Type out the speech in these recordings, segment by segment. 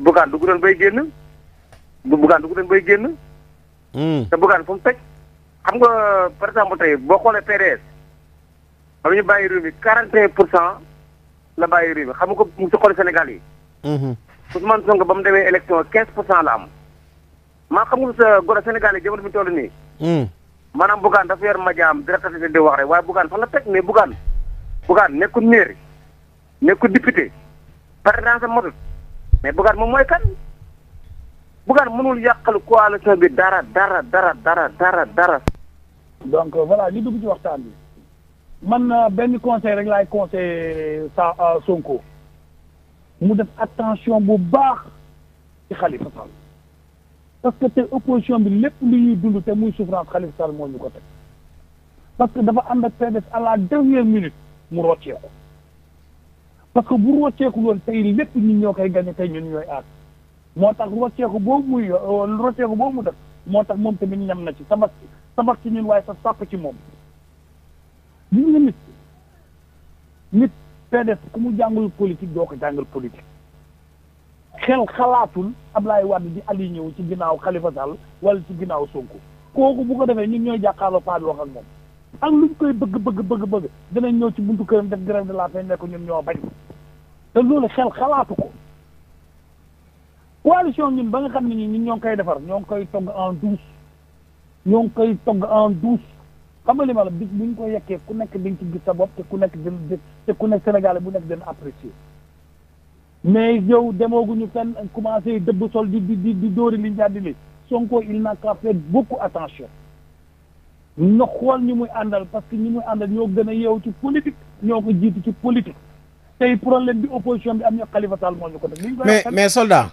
Bougane dugg doon bay génn Bougane dugg doon bay génn. Hmm. te Bougane fu mu teg xam nga par exemple tey boo xoolee PDS xam ñu bàyyi réew quarante 41 pour cent la bàyyi réew mi xam nga ko mu si xool Sénégal yi. Hmm. Ousmane Sonko ba mu demee élection 15 pour cent la am. maa xam nga sa goro Sénégal yi jamono bi ñu toll nii. Hmm. maanaam Bougane dafa yor majaam di ratatité di wax rek waaye Bougane fan la teg mais Bougane Bougane nekkul maire nekkul député par mais Bougane moom mooy kan Bougane mënul yàqal ko bi dara dara dara dara dara dara. donc euh, voilà ñu dugg ci waxtaan bi man euh, benn conseil rek ay conseil sa euh, Sonko mu def attention bu baax ci Khalifa Sall parce que te opposition bi lépp lu ñuy dund te muy souffrance Khalifa Sall moo ñu ko teg parce que dafa ànd ak PDS à la dernière minute mu rocceeku. parce que bu rocceeku loon tey lépp ñun ñoo koy gagné tey ñun ñooy aar moo tax rocceeku boobu muy euh, rocceeku boobu mu def moo tax moom tamit ñam na ci sabab sabab ci ñun waaye sa sàpp ci moom li nga nit nit PDS ku mu jàngul politique doo ko jàngal politique xel xalaatul laay Wade di ali ñëw ci ginnaaw Khalifa Sall wala ci ginnaaw Sonko kooku bu ko defee ñun ñooy jàkkaarloo Fadou wax ak moom ak lu mu koy bëgg bëgg bëgg bëgg danañ ñëw ci buntu kër def grève de la faim nekku ñun ñoo bañ te loolu xel xalaatu ko coalition ñun ba nga xam ne ñi ñun ñoo ngi koy defar ñoo ngi koy togg en douce ñoo ngi koy togg en douce xam nga li ma la bis bu ñu ko yekkee ku nekk dañ ci gis sa bopp te ku nekk dina te ku nekk Sénégalais bu nekk dina apprécier mais yow demooguñu fenn commencé dëbb sol di di di dóori li ñu daal di Sonko il n'a qu'à faire beaucoup attention na xool ñi muy àndal parce que ñi muy àndal ñoo gën a yeewu ci politique ñoo ko jiitu ci politique tey problème bi opposition bi am ñu Khalifa Sall ñu ko def. mais mais soldat.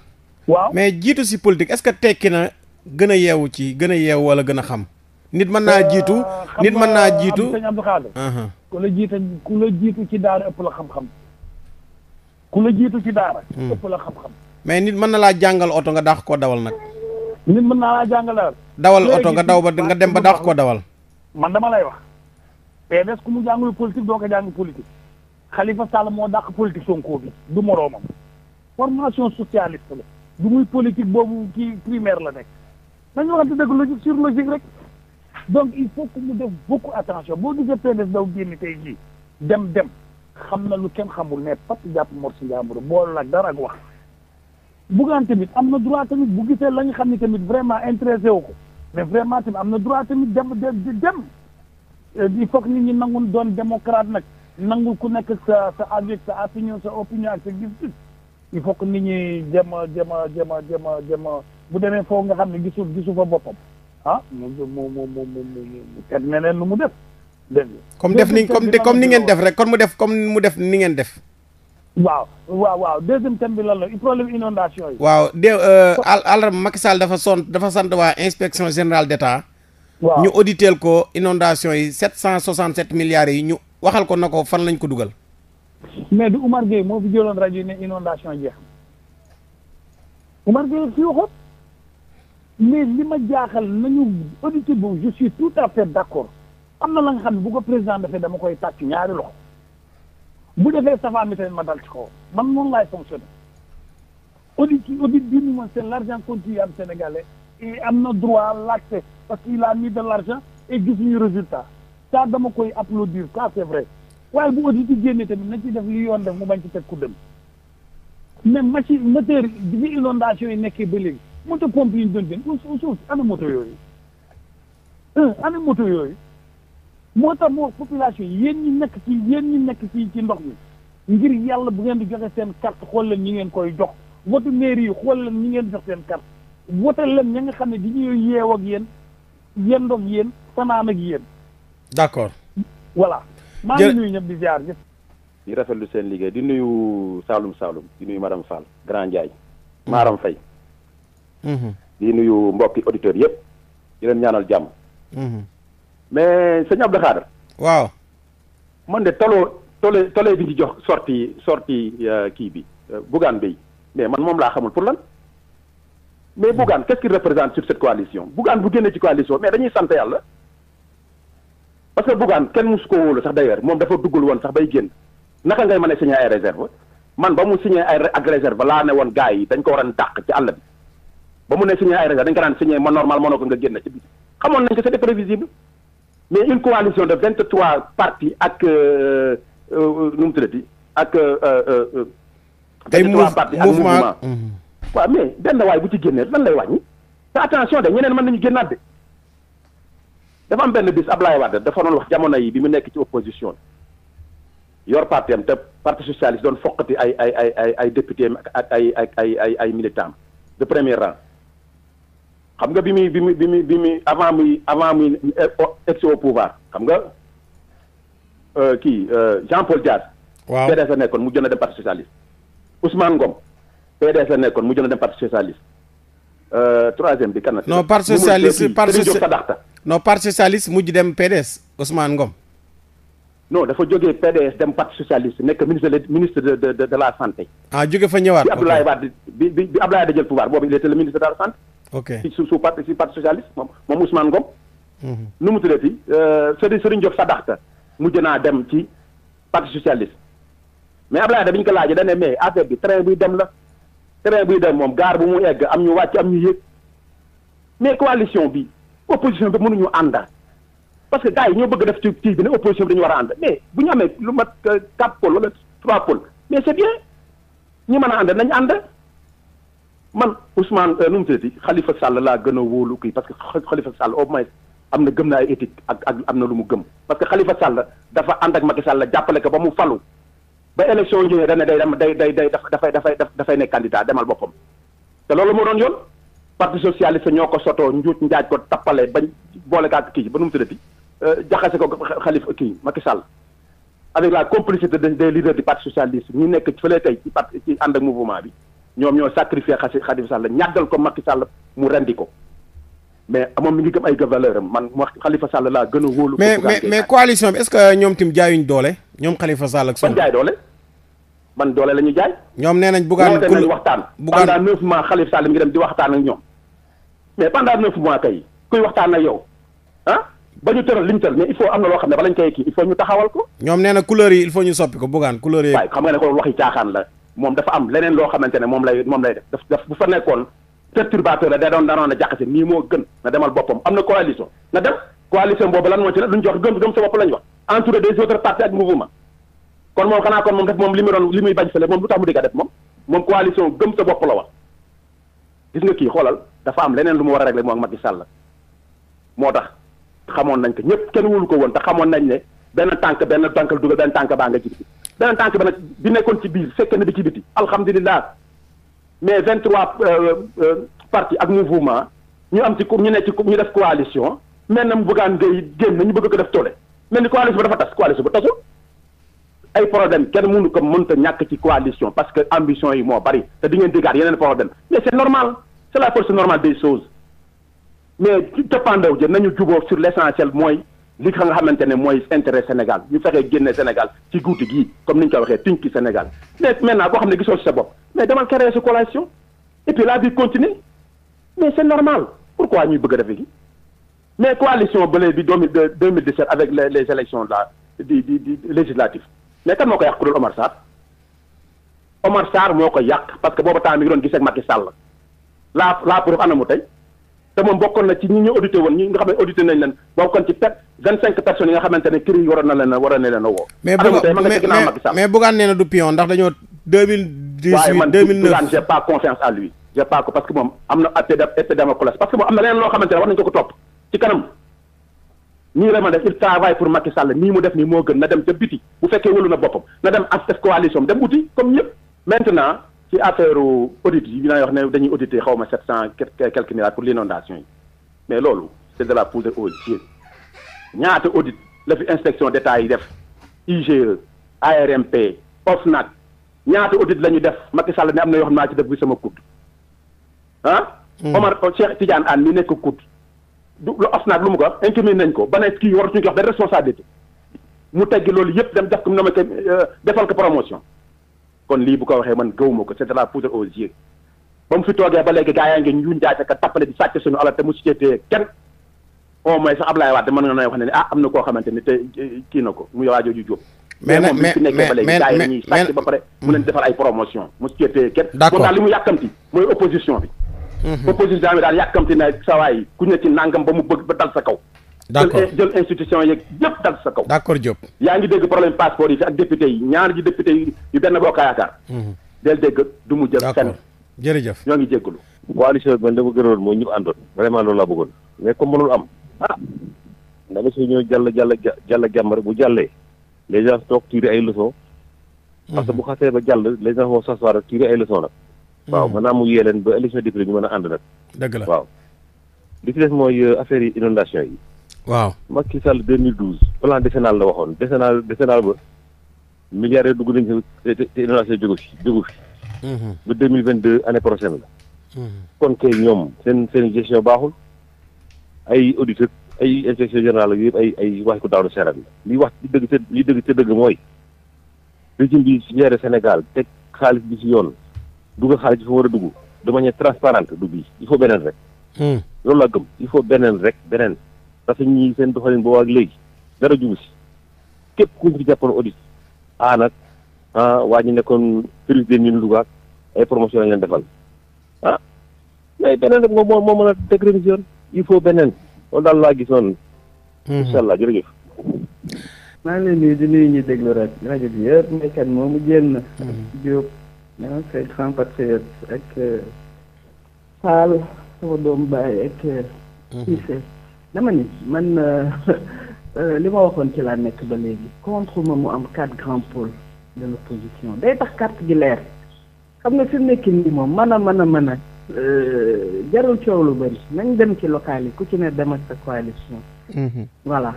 waaw mais jiitu si politique est-ce que tekki na gën a yeewu ci gën a yeewu wala gën a xam. nit mën naa euh, jiitu nit mën naa jiitu xam nga Abdou Khadre uh-huh. ku la jiite jiitu ci daara ëpp la xam-xam. ku la jiitu ci daara. Hmm. ëpp la xam-xam. mais nit mën na laa jàngal oto nga daax koo dawal nag. nit mën naa laa jàngalal. dawal oto nga daw ba nga dem ba dàq ko dawal. man dama lay wax. PDS ku mu jàngul politique doo ko jàng politique. Khalifa Sall moo dàq politique Sonko bi du moroomam. formation socialiste la. du muy politique boobu kii primaire la nekk. nañu waxante dëgg logique sur logique rek. donc il faut que mu def boo gisee PDS daw génn tey jii dem dem xam na lu kenn xamul ne pat jàpp Mor si Ndiambour boole ak dara ak wax. Bougane tamit am na droit tamit bu gisee la nga xam ne tamit vraiment intéressé wu ko mais vraiment tamit am na droit tamit dem dem euh, il faut que nit ñi nangu doon démocrate nag nangu ku nekk sa sa avec sa opinion sa opinion ak sa gis-gis il faut que nit ñi jéem a jéem a jéem a jéem a jéem bu demee foofu nga xam ne gisul gisu fa boppam ah mu mu mu mu mu kat neneen lu mu def dégg comme def ni comme comme ni ngeen def rek kon mu def comme mu def ni ngeen def waaw waaw waaw deuxième thème bi lan la problème inondation yi. waaw de euh, al alarme Macky dafa son dafa sant waa inspection générale d'État. waaw ñu auditeel ko inondation yi 767 milliards yi ñu waxal ko na ko fan lañ ko dugal. mais du Umar Gueye moo fi jëloon rajo yi ne inondation jeex Umar Gueye fi waxoon mais li ma jaaxal nañu audité boobu je suis tout à fait d'accord am na la nga xam ne bu ko président defee dama koy tàcc ñaari loxo. bu defee safaan bi tamit ma dal ci kaw man noonu laay fonctionné audit ci audit bi ni moom seen l' argent continue am sénégalais et am na droit laajte parce que il a mis de l' argent et gisuñu résultat ça dama koy applaudir ça c' est vrai waaye bu audit yi génnee tamit nañ ci def li yoon def mu bañ ci teg ku dem mais machine moteur bi fi inondation yi nekkee ba léegi moto pompe yi ñu doon jënd suuf ana moto yooyu ana moto yooyu moo tax mu wax population yi yéen ñi nekk ci yéen ñi nekk ci ci ndox mi ngir yàlla bu ngeen di joxe seen carte xool leen ñi ngeen koy jox wotu mairie yi xool leen ñi ngeen jox seen carte wotal leen ña nga xam ne dañuy yeew ak yéen yendoog yéen fanaan ak yéen. d'accord. voilà. maa ngi nuyu ñëpp di ziar ñëpp. di rafetlu seen liggéey di nuyu Saloum Saloum di nuyu madame Fall Grand Ndiaye. Maram fay mhm. di nuyu mbokki auditeurs yëpp di leen ñaanal jàmm. Mhm. mais sëñ Abdou waaw man de taloo tole tole bi ñu jox sorti sorti euh, kii bi euh, Bougane Gueye mais man moom laa xamul pour lan mais Bougane qu'est-ce qu'il représente sur cette coalition Bougane bu génnee ci coalition mais dañuy sant yàlla parce que Bougane kenn musu ko wóolu sax d'ailleurs moom dafa duggul woon sax bay génn naka ngay mën a signé ay réserve man ba mu signé ay ak réserve laa ne woon gars yi dañ ko war a dàq ci àll bi ba mu ne signé ay dañ ko daan signé ma normal mënoo ko nga génn ci mais une coalition de vingt trois partis ak euh, euh, nu mu tuddati ak. ay euh, mouvement partis ak mouvement. Mm. waaw mais benn waay bu ci génnee lan lay wàññi te attention de ñeneen mën nañu génnaat de dafa am benn bis Ablaye Wade dafa doon wax jamono yi bi mu nekk ci opposition yor parti am te parti socialiste doon foqati ay ay ay ay ay député ak ay ay ay ay militants de premier rang. xam nga bi muy bi muy bi muy bi muy avant muy avant muy ex au pouvoir xam nga euh, kii euh, Jean Paul Diaz. waaw PDS la nekkoon mu jënd dem parti socialiste. Ousmane Ngom PDS la nekkoon mu jënd dem parti socialiste. Euh, troisième bi kan la. non parti socialiste parti non parti socialiste mujj dem PDS Ousmane Ngom. non dafa jógee PDS dem parti socialiste nekk ministre de ministre de de de la santé. ah jóge fa ñëwaat. bi Abdoulaye Wade bi bi Abdoulaye da jël pouvoir boobu il était le ministre de la santé. ok ci suuf suuf parti si parti socialiste moom moom Ousmane Ngom. Mhm. nu mu tuddati euh, Serigne sa Diop mu mujj naa dem ci parti socialiste. mais Ablaye da bi ñu ko laajee dañ ne mais affaire bi train buy dem la train buy dem moom gaar bu mu egg am ñu wàcc am ñu yéeg mais coalition bi opposition bi mënuñu ànda parce que gars yi ñoo bëgg def ci kii bi ne bi dañu war a ànd mais bu ñu amee lu mat euh, quatre pôles wala trois pôles mais c'est bien ñi mën a ànd nañ ànd. man Ousmane euh, nu mu tëddee Khalifa Sall laa gën a wóolu kii parce que Khalifa Sall au moins am na gëm na ay éthique ak ak am na lu mu gëm parce que xalifa Sall dafa ànd ak Macky Sall jàppale ko ba mu falu ba élection yi ñëwee ne day dem day day day dafay dafay dafay nekk candidat demal boppam te loolu moo doon yoon parti socialiste ñoo ko sotoo njuut njaaj ko tappale bañ boole kaak kii ba nu mu euh, jaxase ko Khalifa kii Macky Sall avec la complicité des leaders du parti socialiste ñu nekk fële ànd ak mouvement bi. ñoom ñoo sacrifié xasi Khalifa Sall ñàggal ko Macky Sall mu rendi ko mais moom mi ngi gëm ay valeur man wax Khalifa Sall laa gën a wóolu. mais mais mais coalition bi est-ce que ñoom tim jaayuñ doole ñoom Khalifa Sall ak. Sonko man jaay doole man doole la ñu jaay. ñoom nee nañ bugaan ku nañ waxtaan. bugaan pendant neuf mois Khalifa Sall mi ngi dem di waxtaan ak ñoom mais pendant neuf yow ah ba ñu tëral li ñu tëral mais il faut am na loo xam ne bala ñu kii il faut ñu taxawal ko. ñoom nee couleur yi il faut ñu soppi ko bugaan couleur yi. xam nga ne ko waxi caaxaan la moom dafa am leneen loo xamante ne moom lay moom lay def daf bu fa nekkoon perturbateur la da doon danoon a jaxase nii moo gën na demal boppam am na coalition na dem coalition boobu lan moo ci ne duñ jox gëm gëm sa bopp lañ wax entouré des autres partis ak mouvement kon moom li muy doon li muy bañ fële moom lu tax mu digga def moom moom coalition gëm sa bopp la wax gis nga kii xoolal dafa am leneen lu mu war a régler moom ak Macky Sall moo tax xamoon nañ ko ñëpp kenn wulu ko woon te xamoon nañ ne benn tànk benn tànk la dugal benn tànk baa nga ci biti benn tànk ba nag bi nekkoon ci biir fekk na bi ci biti alhamdulilah mais 23 euh, euh, parti ak mouvement ñu am ci ñu nekk ci ñu def coalition mel na mu bëggaan ngay génn ñu bëgg ko def toole mel ni coalition ba dafa tas coalition ba tasul ay problème kenn mënu ko mënta ñàkk ci coalition parce que ambition yi moo bari te di ngeen déggaat yeneen problème mais c'est normal c'est la force normale des choses mais cëppaandaw jë nañu juboo sur l'essentiel mooy li nga xamante ne mooy intérêt Sénégal ñu fexee génne Sénégal ci guuti gi comme ni ñu ko waxee tinki Sénégal mais maintenant boo xam ne gisoo sa bopp mais demal créer sa coalition et puis la vie continue mais c'est normal pourquoi ñuy bëgg a def gi mais coalition bële bi deux de deux mille dix-sept avec les les élections là di di di législatives mais kan moo ko yàq ku dul Omar Sarr Omar Sarr moo ko yàq parce que boobu temps mi ngi doon gis ak Macky Sall laa laa pour ana mu tey. te moom bokkoon na ci ñi ñu audité woon ñi nga xam ne nañ leen bokkoon ci pet vingt cinq personnes yi nga xamante ne waroon na leen a waroon na leen a woo. mais mais Bougane du pion ndax dañoo deux mille dix huit deux mille neuf waaye pas confiance à lui. parce que moom am na épée loo xamante ne war ko ko topp ci kanam nii la ma def il travaille pour Macky nii mu def nii moo gën na dem ca biti bu fekkee wëlu na boppam na dem as def ci affaire audit yi dinaa wax ne dañuy auditer xaw ma sept cent quelques milliards pour l'inondation yi mais loolu c' est de la poudre aux ñaata audit la fi inspection d'état def IGE ARMP OFNAC ñaata audite la ñu def Macky Sall ne am na yoo xam naa ci def bi sama COUD ah. Hmm. Omar Cheikh Tidiane Anne mi nekk COUD du lu OFNAC lu mu ko incriminer nañ ko ba ne kii waratuñu ko wax benn responsabilité mu teggi loolu yëpp dem def ko mu ne ma defal ko promotion. kon lii bu ko waxee man gëwuma ko c'est de la poudre aux yeux ba mu fi toogee ba léegi gaa yaa ngi ñuun jaay ka tappale di sàcc suñu alal te mu société kenn au moins sax Ablaye Wade mën nga nay wax ne ne ah am na koo xamante ne te kii na ko mu waajooju jóob mais moom bi fi nekkee ba léegi gaa yi ñuy sàcc ba mu leen hmm. defal ay promotion mu société kenn moom daal li mu yàkkamti mooy opposition bi hmm. opposition bi daal yàkkamti na sawaay ku ne ci nangam ba mu bëgg ba dal sa kaw d'accord jël institution yeeg yëpp dal sa kaw. d'accord Diop. yaa ngi dégg problème passeport yi fi ak député yi ñaar ji député yi yu benn boo ko yaakaar. Mhm. del dégg du mu jël. d'accord jërëjëf ñoo ngi jéggalu. coalition bi man dama gënoon mooy ñu àndoon vraiment loolu laa bëggoon mais comme am ah dama si ñëw jàll jàll jàll jàmm rek bu jàllee les gens toog ay leçons. parce que bu mhm. xasee ba jàll les gens vont s'asseoir rek tirer ay leçons nag. Mhm. waaw maanaam mu yee leen ba élection député ñu mën a ànd nag. dëgg la waaw li ci des mooy euh, affaire yi inondation yi. waaw Macky Sall 2012 plan décennal la waxoon décennal décennal ba milliards dugg nañ te te innovation jógu fi jógu fi. Mhm. ba 2022 année prochaine la. Mhm. kon kay ñoom seen seen gestion baaxul ay auditeurs ay inspection générale ak yëpp ay ay wax ko daanu seerat la li wax li dëgg te li dëgg te dëgg mooy régime bi géré Sénégal teg xaalis bi si yoon dugg xaalis bi fa war a dugg de manière transparente du bii il faut beneen rek. Mhm. loolu laa gëm il faut rek beneen. parce que ñi seen doxalin boobu ak léegi dara jubu si képp ku ñu fi jàppoon audit a ah, nag ah waa ñu nekkoon service des mines Louga ay promotion lañ leen defal ah mais beneen rek moom moo mën a teg révision il faut beneen loolu daal laa gis noonu. Hmm. incha allah jërëjëf. maa ngi leen di nuyu ñuy déglu rajo rajo bi yëpp mbéykat moomu jéem hmm. Diop maanaam ah, eh, say dama ni man euh, euh, li ma waxoon ci laa nekk ba léegi contre ma mu am quatre grands pôles de l'opposition day tax carte gi leer xam nga fi mu nekk nii moom mën a mën a mën a euh, jarul coow lu bëri nañ dem ci local yi ku ci ne dem ak sa coalition. Mhm. voilà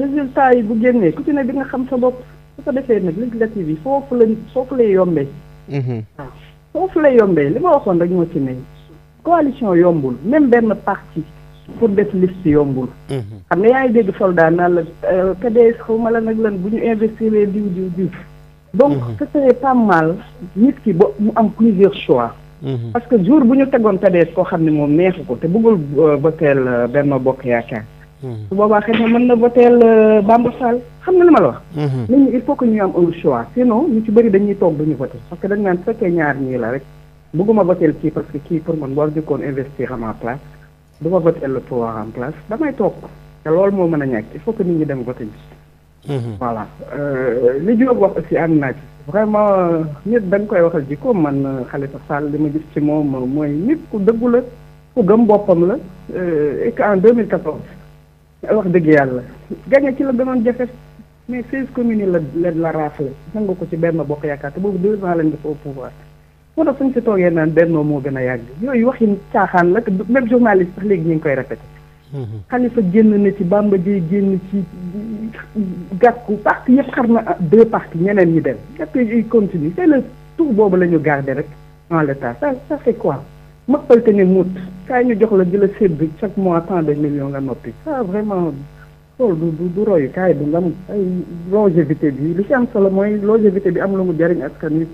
résultat yi bu génnee ku ci ne di nga xam sa bopp su ko defee nag législative yi foofu la foofu lay yombee. Mhm. waaw foofu lay yombee li ma waxoon rek moo ci ne coalition yombul même benn parti. pour def liste yombul. Mhm. xam nga yaay ngi dégg soldat naan la euh, PDS xaw ma la nag lan bu ñu investir diw diw diw. donc mhm. ce serait pas mal nit ki ba mu am plusieurs choix. Mhm. parce que jour bu ñu tegoon PDS koo xam ne moom neexu ko te bëggul euh, voteel euh, Benno Bokk Yaakaar. su boobaa xëy na mën na voteel Bamba xam na li ma la wax. nit ñi il faut que ñu am un choix sinon ñu ci bëri dañuy toog duñu voté parce que dañu naan fekkee ñaar ñii la rek bëgguma voteel kii que kii pour man war njëkkoon investir à ma du ma voté le pouvoir en place damay toog te lool moo mën a ñàkk il faut que nit ñi dem voté ji. Mhm. voilà euh, li Diop wax aussi am naa ci. vraiment nit dañ koy waxal ji ko man Khalifa Sall li ma gis ci moom mooy nit ku dëggu la ku gëm boppam la euh, et que en 2014 wax dëgg yàlla gagné ci la gënoon jafe mais 16 communes yi la la la rafle nangu ko ci benn bokk yaakaar te boobu deux ans lañ def pouvoir. moo tax suñ si toogee naan bennoo moo gën a yàgg yooyu waxin caaxaan la même journaliste sax léegi ñu ngi koy répété. Khalifa mhm. génn na ci Bamba Dièye génn ci gàkku parti yëpp xar na deux parties ñeneen ñi dem gàkku yi continue c'est le tour boobu la ñu garder rek en l'état ça ça fait quoi mëppal te ne muut kaay ñu jox la di la sédd chaque mois tant de millions nga noppi ça vraiment loolu du du royu kaay bu nga ay longévité bi li ci am solo mooy longévité bi am lu mu jëriñ askan wi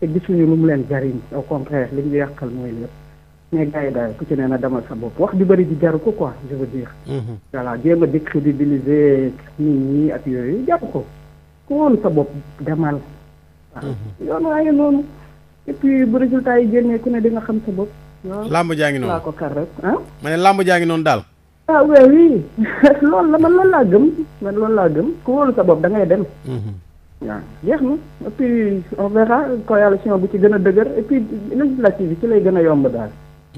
te gisuñu lu mu leen jariñ au contraire li ñu yàqal mooy lépp mais gars daal ku ci nee na demal sa bopp wax ju bëri di jaru ko quoi je veux dire. Mm-hmm. voilà jéem a décrédibiliser nit ñi ak yooyu jaru ko ku woon sa bopp demal. waaw mm-hmm. yoon waaye noonu et bu résultat yi génnee ku ne di nga xam sa bopp. làmb jaa ngi noonu laa ko kar rek ah. ma làmb jaa ngi noonu daal. ah oui la man loolu laa gëm man loolu laa gëm ku wóolu sa bopp da ngay dem. Mm-hmm. waaw jeex na et puis coalition bu ci gën a dëgër et puis législative bi ci lay gën a yomb daal.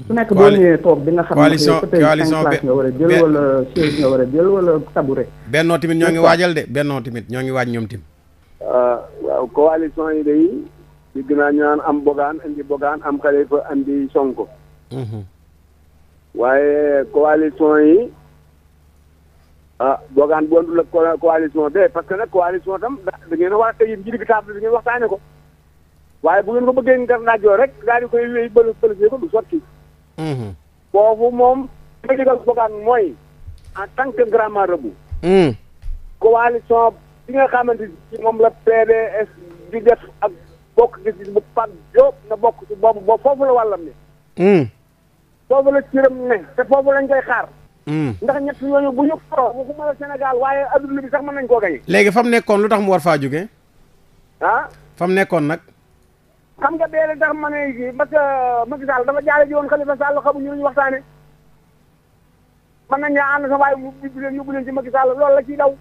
su nekk boo ñëwee toog bi nga xam ne coalition nga war a jël wala chaise nga war a jël wala tabouret. bennoo tamit ñoo ngi waajal de bennoo tamit ñoo ngi waaj ñoom tim ah, waaw coalition yi day dégg naa ñu naan am Bogaan andi Bogaan am Khalifa andi Sonko. Mhm. waaye coalition yi. ah Bougane bu andul ak coalition bee parce que nag coalition tam da ngeen a war a tey ji digg table bi ngeen waxtaane ko waaye bu ngeen ko bëggee ngar naajoo rek daal di koy wéy bël bëlisee ko du sotti mm-hmm. foofu moom ma digal Bougane mooy en tant que grand marabout mm. coalition bi nga xamante ci moom la PDS di def ak bokk gis bu Pape Diop na bokk ci boobu foofu la wàllam ne mm. foofu la ciram ne te foofu lañ koy xaar Hmm. ndax ñett ñooñu bu ñu foroo waxuma la Sénégal waaye adduna bi sax mën nañ koo gañe léegi fa mu nekkoon lu tax mu war faa jóge ah fa mu nekkoon nag xam nga bee tax ma ne ji parce que euh, Macky Sall dafa jaale ji woon Khalifa Sall xamuñu lu ñu waxtaane mën nañ ñaa ànd sa waaye yóbbu leen yóbbu ci Macky loolu la ciy daw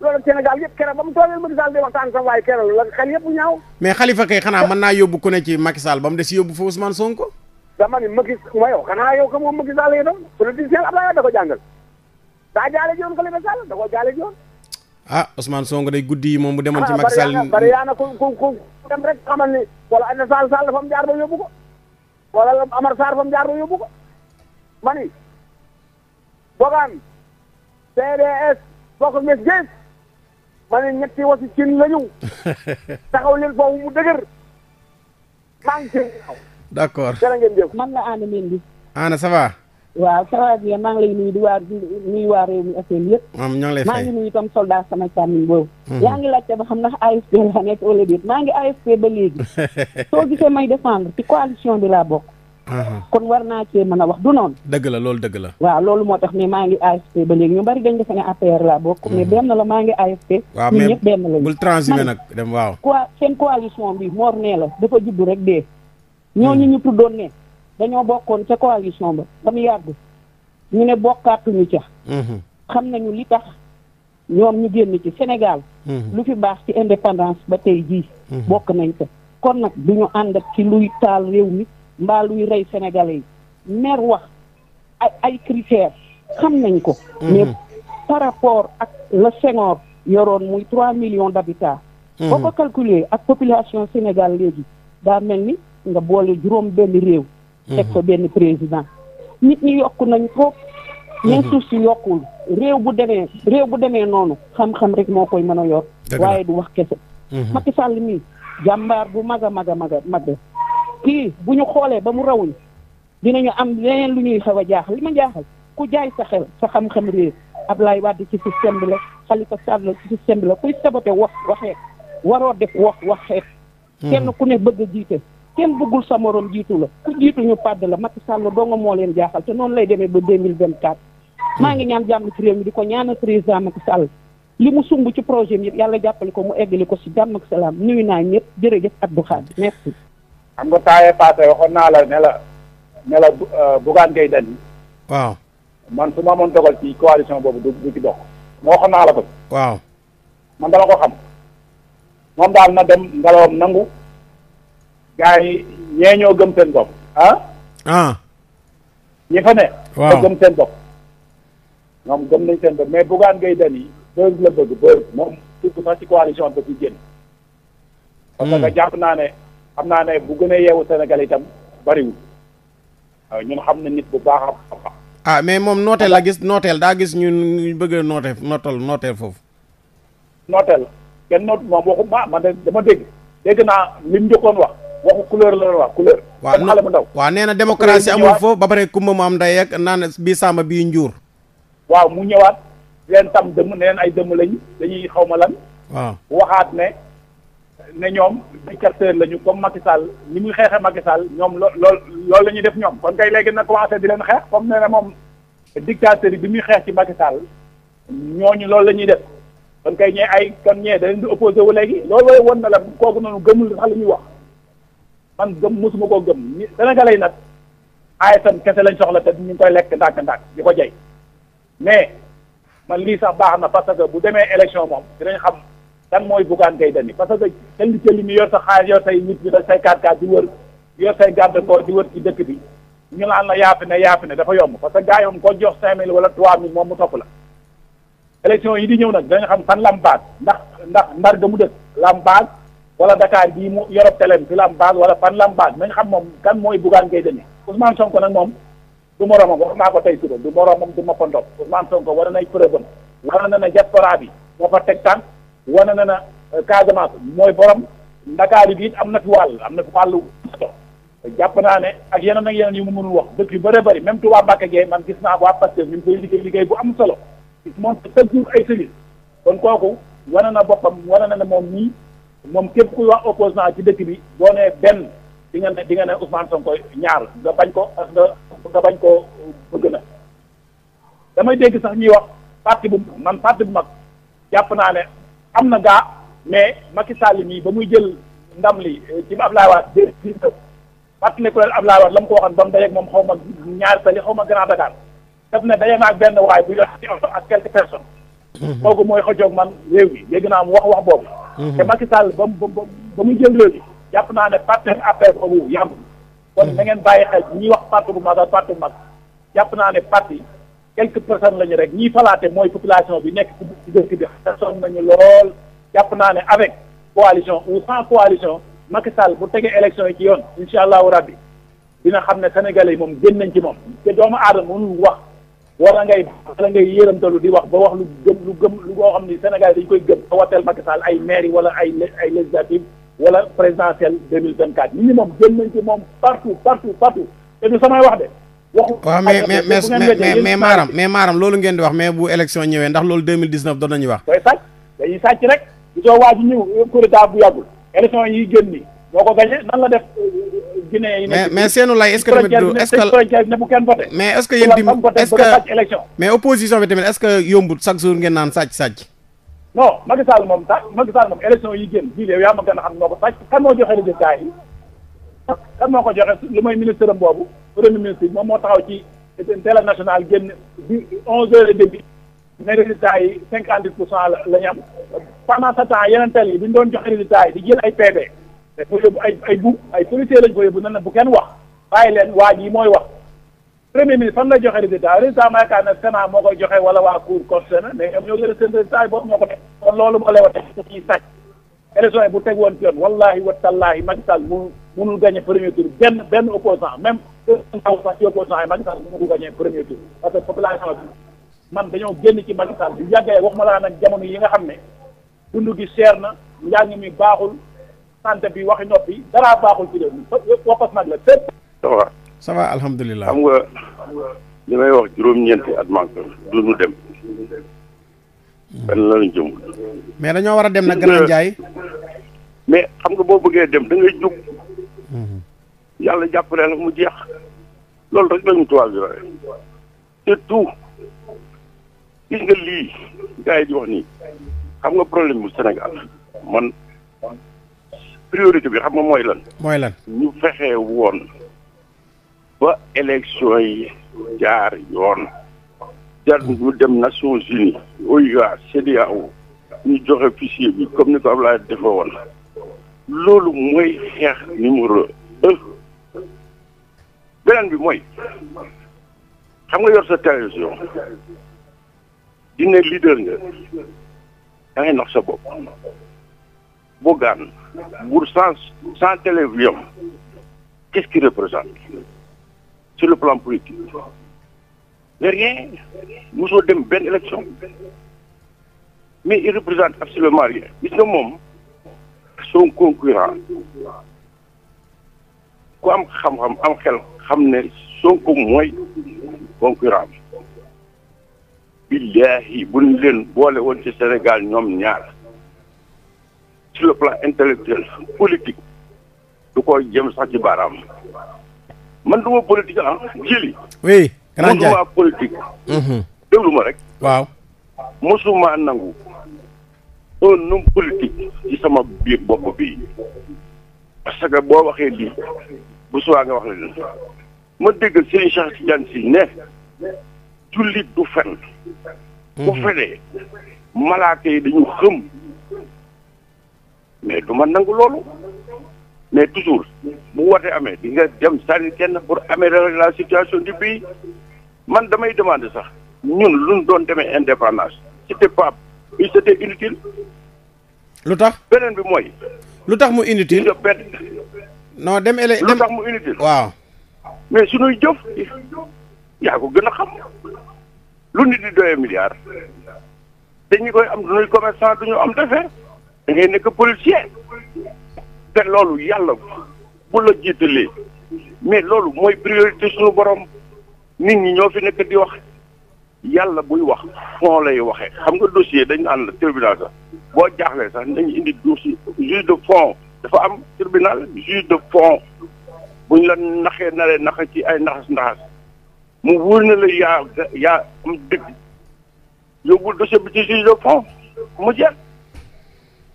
loolu ak Sénégal yëpp keroog ba mu toogee Macky Sall di waxtaan sa waaye keroog la xel yëpp ñaaw mais Khalifa kay xanaa mën naa yóbbu ku ne ci Macky Sall ba mu des yóbbu fa Ousmane ko dama ni Macky ma yow xanaa yow ka moom Macky Sall yi doon politicien Abdoulaye da ko jàngal daa jaale joon Khalifa Sall da ko jaale joon a ah, Ousmane Sonko day guddi yi moom bu demoon ci Macky Sall fa mu jaar ba yóbbu ko wala Amar Sarr fa mu jaar ba yóbbu ko ma ni CDS bokk ñetti wasi cin la ñu taxaw leen mu dëgër ngi d' accord jërë man la Anna Mendy. Anna ça va. waaw ça bi bien maa lay nuyu di waa nuyu waa réew affaire yëpp. moom ñoo ngi lay fay maa ngi nuyu itam soldat sama càmmiñ boobu. Mhm. yaa ngi laajte ba xam ndax AFP laa maa ngi AFP ba soo gisee may défendre ci coalition bi laa bokk. kon war naa cee mën a wax du noonu. dëgg la loolu dëgg la. waaw loolu moo tax mais maa ngi AFP ba léegi ñu bari dañ defe ne APR laa bokk. Mhm. mais benn la maa ngi AFP. waaw mais ñun ñëpp benn la ñu. bul transhumé nag dem waaw. quoi seen coalition bi moor nee la dafa juddu rek dee ñooñu hmm. ñu tuddoon ne dañoo bokkoon ca coalition ba ba mu yàgg ñu ne bokkaatuñu ca hmm. xam nañu li tax ñoom ñu génn ci Sénégal hmm. lu fi baax ci indépendance ba tey jii bokk nañ ko kon nag du ñu ànd ak ci luy taal réew mi mbaa luy rey sénégalais yi maire wax ay ay critères xam nañ ko mais par rapport ak la Senghor yoroon muy trois millions d'habitants boo ko ak population Sénégal léegi daa mel ni nga boole juróom benn réew. ko mhm. benn président. nit ñi yokku nañu trop. Mhm. mais suuf si yokkul réew bu demee réew bu demee noonu xam-xam rek moo koy mën a yor. waaye du wax kese. Mhm. Macky sàll mii jàmbaar bu mag a mag a mag a mag kii bu ñu xoolee ba mu rawuñ dinañu am leneen lu ñuy xew a jaax li ma jaaxal ku jaay sa xel sa xam-xam réew Ablaye Wade ci système bi la Khalifa Sall ci système bi la kuy sabote wax waxeet waroo def wax waxeet. kenn ku ne bëgg a jiite. kenn bëggul sa morom jiitu la ku jiitu ñu pàdd la Macky Sall dong moo leen jaaxal te noonu lay demee ba 2024. maa ngi ñaan jàmm ci réew mi di ko ñaanal président Macky Sall li mu sumb ci projet bi yàlla jàppale ko mu eggali ko si jàmm ak salaam nuyu naa ñëpp jërëjëf Abdou Khadre merci. xam nga taayee paase waxoon naa la ne la ne la euh, Bougane Gueye Dany. waaw man su ma mën dogal ci coalition boobu du du ci bokk. moo waxoon naa la ko. waaw man dama ko xam. moom daal na dem ngalawam gaa yi ñee ñoo gëm seen bopp ah. ah. ñi fa ne. waaw ñoo gëm nañ seen bopp mais Bougane Gueye yi buzz la bëgg buzz moom surtout sax ci coalition ba ci génn. parce que hmm. jàpp naa ne xam naa ne bu gën a yeewu Sénégal itam bariwul. ñun xam na nit bu baax a baax. ah mais moom nooteel la gis nooteel daa gis ñun ñu bëgg a noote nootal nooteel foofu. nooteel kenn noot moom waxu ma man de dama dégg dégg naa li mu njëkkoon wax. waxu couleur la wax couleur. waa comme xale bu ndaw. nee na démocratie amul foofu ba pare kumba mu am ndey ak naan bii sàmm bii njuur. waaw mu ñëwaat leen tam dëmm neen ay dëmm lañ dañuy xaw ma lan. waaw waxaat ne ne ñoom dictateur lañu comme Macky Sall ni muy xeexee Macky Sall ñoom loo loolu la ñuy def ñoom kon kay léegi na commencé di leen xeex comme nee na moom dictateur yi bi muy xeex ci Macky ñooñu loolu la ñuy def. kon kay ñee ay kon ñee da leen di opposé wu léegi loolu won na kooku noonu gëmul sax li ñuy wax. man gëm mosuma koo gëm ni sénégalais yi nag ASM kese lañ soxla te ñu ngi koy lekk ndànk-ndànk di ko jey mais man lii sax baax na parce que bu demee élection moom dinañ xam kan mooy Bougane Gueye Dany parce que cëlli cëlli mi yor sa xaalis yor say nit ñi da say kaat kaat di wër yor say garde corps di wër ci dëkk bi ñu laan la yaafi ne yaafi ne dafa yomb parce que gars yi moom koo jox cinq mille wala trois mille moom mu topp la élection yi di ñëw nag dinañ xam fan lam baag ndax ndax ndar ga mu dëkk lam baag wala Dakar bii mu yorob telem fi lambaas wala fan lambaas nañ xam moom kan mooy Bougane Gueye Dany Ousmane Sonko nag moom du moromam wax naa ko tey suba du moromam du moppandom Ousmane Sonko wane nay preuve am wane na na diaspora bi moo fa teg tànk wane na na euh, Casamance mooy borom Ndakaaru bi am na fi wàll am na fi wàll jàpp naa ne ak yeneen ak yeneen yi mu mënul wax dëkk yu bëree bëri même Touba Mbacké Gueye man gis naa waa Pastef ñu ngi koy liggéey liggéey bu am solo gis kon kooku wane na boppam wane na ne moom nii moom képp kuy wax opposant ci dëkk bi boo nee benn di nga ne di nga ne Ousmane koy ñaar nga bañ ko ak nga bañ ko bëgg na damay dégg sax ñuy wax parti bu man parti bu mag jàpp naa ne am na gaa mais Macky Sall mii ba muy jël ndam li eh, ci Abdoulaye Wade dé di nëw parti kuréel Abdoulaye Wade la mu ko waxoon ba mu dajeeg moom xaw ma ñaari tali xaw ma a Dakar daf ne daje naa ak benn waay bu yor ci oto ak quelques personnes mhm. kooku mooy xëjoog man réew mi dégg wax wax boobu Mm-hmm. te Macky Sall ba mu ba mu jël réew jàpp naa ne partenaire affaire boobu yàggul. kon mm-hmm. na ngeen bàyyi xel ñuy wax parti bu mag ak parti bu mag jàpp naa ne parti quelques personnes lañu rek ñi falaate mooy population bi nekk ci dëkk bi personne nañu lool jàpp naa ne avec coalition ou sans coalition Macky Sall bu tegee élection yi ci yoon incha allahu rabbi dina xam ne sénégalais yi moom génn nañ ci moom te doomu aadama mënul wax. wala ngay wala ngay yéeramtalu di wax ba wax lu gëm lu gëm lu koo xam ni Sénégal dañu koy gëm ba wateel ay maire wala ay ay législative wala présidentielle deux mille vingt quatre nit ñi moom jël nañ ci moom partout partout partout te du samay wax de. waxu waaw mais mais mais mais maaram mais maaram loolu ngeen di wax mais bu élection ñëwee ndax loolu 2019 doon nañuy wax. koy sàcc dañuy sàcc rek. du soo waaj a ñëw kuréel bu yàggul. élection yi Guinée yi mais mais seenu lay est ce que tamit du est ce que bu kenn voté mais est ce que yéen tamit est ce que ngeen naan sàcc sàcc non Macky moom tax yi génn jii yaa ma gën noo ko sàcc kan moo joxe résultat yi kan moo ko joxe lu mooy ministre am boobu premier ministre moom moo taxaw ci télé génn di onze heures et ne résultat yi cinquante pour cent la ñu am pendant ce temps yi bi ñu doon joxe résultat yi di jël ay PV dañ ko ay bu ay policier lañ ko yóbbu nan na bu kenn wax bàyyi leen waa ji mooy wax premier ministre fan lay joxe résultat résultat ma yaakaar ne moo koy joxe wala waa Cour constitutionnelle mais ñoom ñoo yore ko teg loolu moo lay wax ko ciy sàcc élection yi bu teg woon ci yoon wallahi wa tallaahi Macky Sall mu mënul premier tour benn benn opposant même taw sax ci opposant yi Macky Sall mënul gagné premier tour parce que population bi man dañoo génn ci Macky Sall bu yàggee wax ma laa nag jamono yi nga xam ne gi seer na njàng mi baaxul santé bi waxi noppi dara baaxul ci réew mi foofu nag la fépp. ça va. ça va alhamdulilah. xam nga li may wax juróom-ñeenti at man du nu dem. la ñu jëm. mais dañoo war a dem nag gannaaw Ndiaye. mais xam nga boo bëggee dem da ngay jug. Mhm. yàlla jàppale mu jeex. loolu rek la ñu tubaab bi waxee. surtout gis nga lii gars yi di wax nii xam nga problème bu Sénégal man. priorité bi xam nga mooy lan. mooy lan ñu fexe woon ba élection yi jaar yoon. jar ñu dem Nations Unies. OUA CEDEAO ñu joxe fichier bi comme ni ko Ablaye defe woon. loolu mooy xeex numéro beneen bi mooy xam nga yor sa télévision dina leader nga da ngay sa bopp. Bougane pour sans sans télévision qu'est-ce qu'il représente sur le plan politique rien mosoo dem benn élection mais il représente absolument rien gis nga moom son concurrent ku am xam-xam am xel xam ne Sonko mooy concurrent bi billaahi buñ leen boole woon ci Sénégal ñoom ñaar sur le plan intellectuel politique du ko jëm sax ci baaraam man du ma politique ah jili oui grand Ndiaye mosuma politique. Mhm. déglu ma rek. waaw mosuma nangu un homme politique ci sama biir bopp bii parce que boo waxee lii bu subaa nga wax la leen ma déggal Serigne Cheikh Tidiane Sy ne jullit du fen. bu mhm. fenee malaaka yi dañu xëm. mais du ma nangu loolu mais toujours mu wootee amee di nga dem sànni kenn pour améliorer la situation di pays man damay demande sax ñun luñ doon demee indépendance c'était pas c'était inutile. lu tax beneen bi mooy. lu tax mu inutile nga benn. non dem ele lu tax mu inutile waaw. mais suñuy jëf yaa ko gën a xam lu nit di doyee milliard te ñi koy am du ñuy commerçant du ñu am defee. da ngay nekk policier te loolu yàlla bu la jiitalee mais loolu mooy priorité suñu borom nit ñi ñoo fi nekk di wax yàlla buy wax fond lay waxee xam nga dossier dañu ànd la tribunal sax boo jaaxlee sax nañu indi dossier juge de fond dafa am tribunal juge de fond buñ la naxee naree nax ci ay naxas naxas mu wóor na la yaa yaa am dëgg yóbbul dossier bi ci juge de fond mu jeex.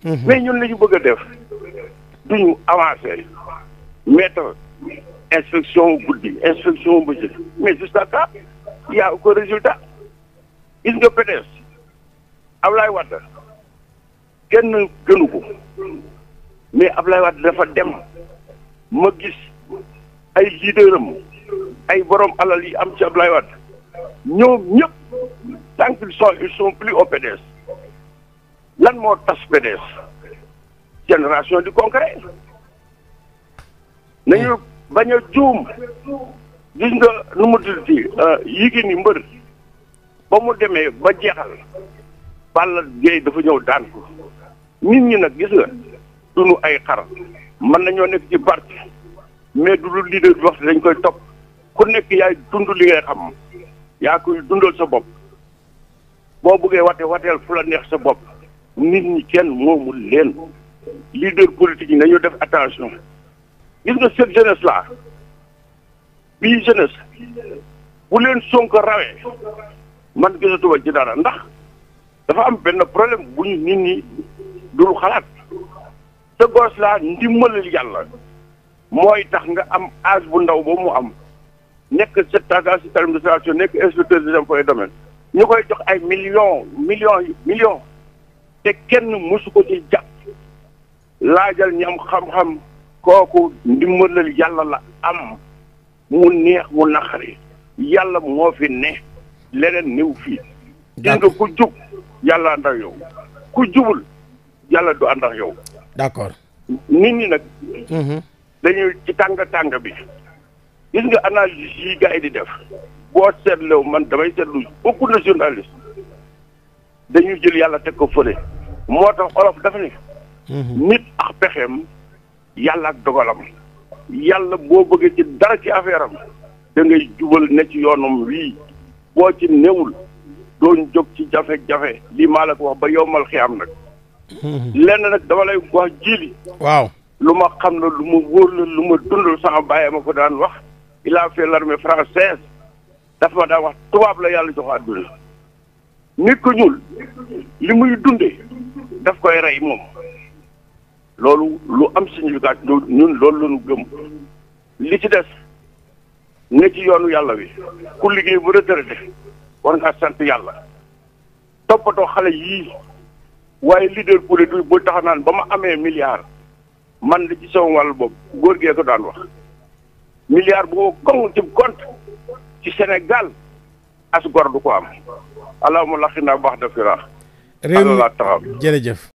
Mm-hmm. mais ñun li bëgg a def duñu avancé mettre inspection guddi inspection bëccëg mais jusqu'à quand y a aucun résultat gis nga PDS kenn gënu ko mais Ablaye Wade dafa dem ma gis ay leaderam ay borom alal yi am ci Ablaye Wade ñoom ñëpp tant qu'ils sont ils sont plus au lan moo tas PDS génération du concret nañu bañ a juum gis nga nu mu tuddati euh, Yékini mbër ba mu demee ba jeexal Balla Gaye dafa ñëw daan ko nit ñi nag gis nga duñu ay xar mën nañoo nekk ci parti mais du lu leader bi wax dañ koy topp ku nekk yaay dund li ngay xam yaa koy dundal sa bopp boo bëggee wate wateel fu la neex sa bopp nit ñi kenn moomul leen leader politique yi nañu def attention gis nga cette jeunesse là bii jeunesse bu leen Sonko rawee man gisatuma ci dara ndax dafa am benn problème bu ñu nit ñi dul xalaat ce gosse là ndimbalal yàlla mooy tax nga am âge bu ndaw boobu mu am nekk secrétaire d'administration nekk inspecteur des impôts et domaines ñu koy jox ay millions millions millions te kenn mosu ko ci jàpp laajal ñam xam-xam kooku ndimbalal yàlla la am mu neex mu naqari yàlla moo fi ne leneen néew fii gis nga ku jub yàlla ànd ak yow ku jubul yàlla du ànd ak yow d'accord nit ñi nag mm-hmm. dañuy ci tàng tàng bi gis nga analyse yi gars di def boo seetloo man damay seetlu beaucoup de journalistes dañuy jël yàlla teg ko fële moo tax olof dafa ni mhm. nit ak pexeem yàlla ak dogalam yàlla boo bëggee ci dara ci affaire am da ngay jubal ne ci yoonam wii boo ci newul doon jóg ci jafe-jafe lii maa la ko wax ba yowmal xiyaam nag mhm. lenn nag dama lay wax jili waaw lu ma xam la lu ma wóor la lu ma dundal sama bàyyi ma ko daan wax il a fait l'armée française dafa ma daan wax tubaab la yàlla jox àdduna nit ko ñuul li muy dundee daf koy rey moom loolu lu am significat ñun loolu la gëm li ci des ne ci yoonu yàlla wi ku liggéey bu retraité war ngaa sant yàlla toppatoo xale yii waaye leader politique bu tax naan ba ma amee milliard man li ci sama wàll boobu góor gee ko daan wax milliard boobu koŋ ci compte ci Sénégal as gor du ko am allahumma laqina ba'da firaq réew mi jërëjëf